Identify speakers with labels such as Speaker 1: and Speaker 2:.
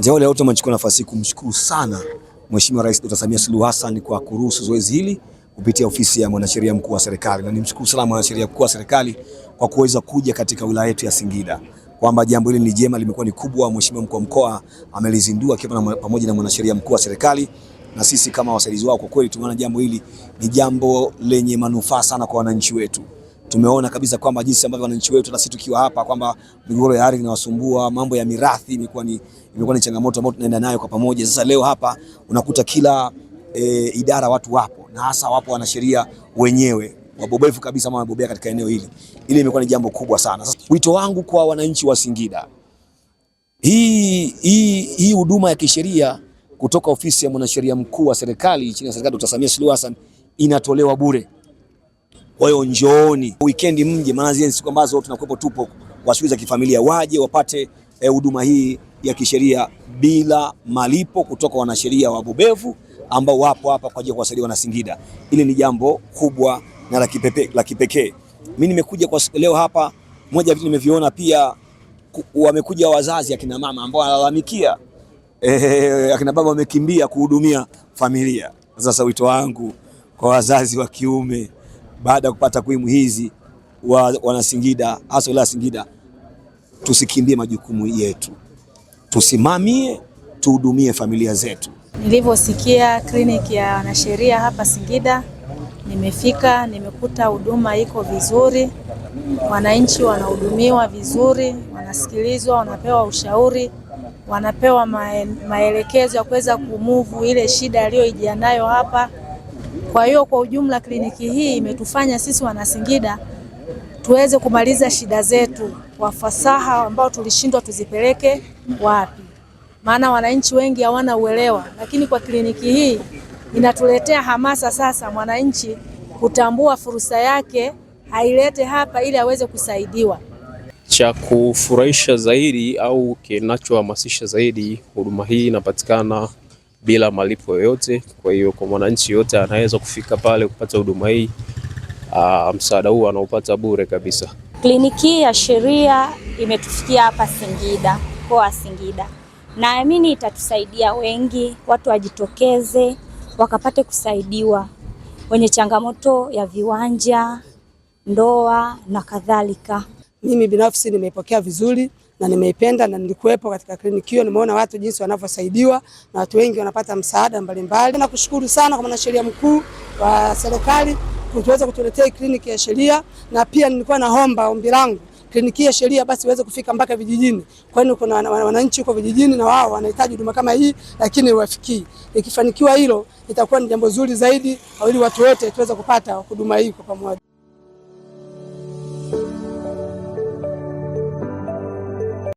Speaker 1: Kati ya wale wote wamechukua nafasi kumshukuru sana Mheshimiwa Rais Dr. Samia Suluhu Hassan kwa kuruhusu zoezi hili kupitia ofisi ya mwanasheria mkuu wa serikali, na nimshukuru sana mwanasheria mkuu wa serikali kwa kuweza kuja katika wilaya yetu ya Singida kwamba jambo hili ni jema, limekuwa ni kubwa. Mheshimiwa mkuu wa mkoa amelizindua akiwa pamoja na mwanasheria mkuu wa serikali na sisi kama wasaidizi wao, kwa kweli tumeona jambo hili ni jambo lenye manufaa sana kwa wananchi wetu tumeona kabisa kwamba jinsi ambavyo wananchi wetu na sisi tukiwa hapa kwamba migogoro ya ardhi inawasumbua, mambo ya mirathi imekuwa ni, imekuwa ni changamoto ambayo tunaenda nayo kwa pamoja. Sasa leo hapa unakuta kila e, idara watu wapo na hasa wapo wanasheria wenyewe wabobevu kabisa ambao wamebobea katika eneo hili. Ile imekuwa ni jambo kubwa sana. Sasa wito wangu kwa wananchi wa Singida, hii hii hii huduma ya kisheria kutoka ofisi ya mwanasheria mkuu wa serikali chini ya serikali Dr. Samia Suluhu Hassan inatolewa bure. Kwa hiyo njooni weekend mje, maana zile siku ambazo tunakuwepo tupo kwa shughuli za kifamilia, waje wapate eh, huduma eh, hii ya kisheria bila malipo kutoka wanasheria wabobevu ambao wapo hapa kwa ajili ya kuwasaidia wana Singida. Ili ni jambo kubwa na la kipekee la kipekee. Mimi nimekuja kwa leo hapa, moja vitu nimeviona pia, wamekuja wazazi akina mama ambao wanalalamikia eh, akina baba wamekimbia kuhudumia familia. Sasa wito wangu kwa wazazi wa kiume baada ya kupata takwimu hizi wa, Wanasingida hasa wilaya Singida, tusikimbie majukumu yetu, tusimamie, tuhudumie familia zetu.
Speaker 2: Nilivyosikia kliniki ya wanasheria hapa Singida, nimefika nimekuta huduma iko vizuri, wananchi wanahudumiwa vizuri, wanasikilizwa, wanapewa ushauri, wanapewa maelekezo ya kuweza kumuvu ile shida aliyoijia nayo hapa kwa hiyo kwa ujumla kliniki hii imetufanya sisi Wanasingida tuweze kumaliza shida zetu kwa fasaha ambao tulishindwa tuzipeleke wapi, maana wananchi wengi hawana uelewa, lakini kwa kliniki hii inatuletea hamasa sasa mwananchi kutambua fursa yake ailete hapa ili aweze kusaidiwa.
Speaker 3: Cha kufurahisha zaidi au kinachohamasisha zaidi, huduma hii inapatikana bila malipo yoyote. Kwa hiyo kwa mwananchi yote anaweza kufika pale kupata huduma hii, ah, msaada huu anaopata bure kabisa.
Speaker 4: Kliniki ya sheria imetufikia hapa Singida, mkoa wa Singida. Naamini itatusaidia wengi, watu wajitokeze wakapate kusaidiwa, wenye changamoto ya viwanja, ndoa na kadhalika
Speaker 5: mimi binafsi nimeipokea vizuri na nimeipenda na nilikuwepo katika kliniki hiyo, nimeona watu jinsi wanavyosaidiwa na watu wengi wanapata msaada mbalimbali.
Speaker 6: Nakushukuru sana kwa mwanasheria mkuu wa serikali kutuweza kutuletea kliniki ya sheria, na pia nilikuwa naomba ombi langu kliniki ya sheria basi iweze kufika mpaka vijijini, kwani kuna wananchi huko vijijini na wao wanahitaji huduma kama hii, lakini iwafikii. Ikifanikiwa hilo itakuwa ni jambo zuri zaidi, ili watu wote tuweze kupata huduma hii kwa pamoja.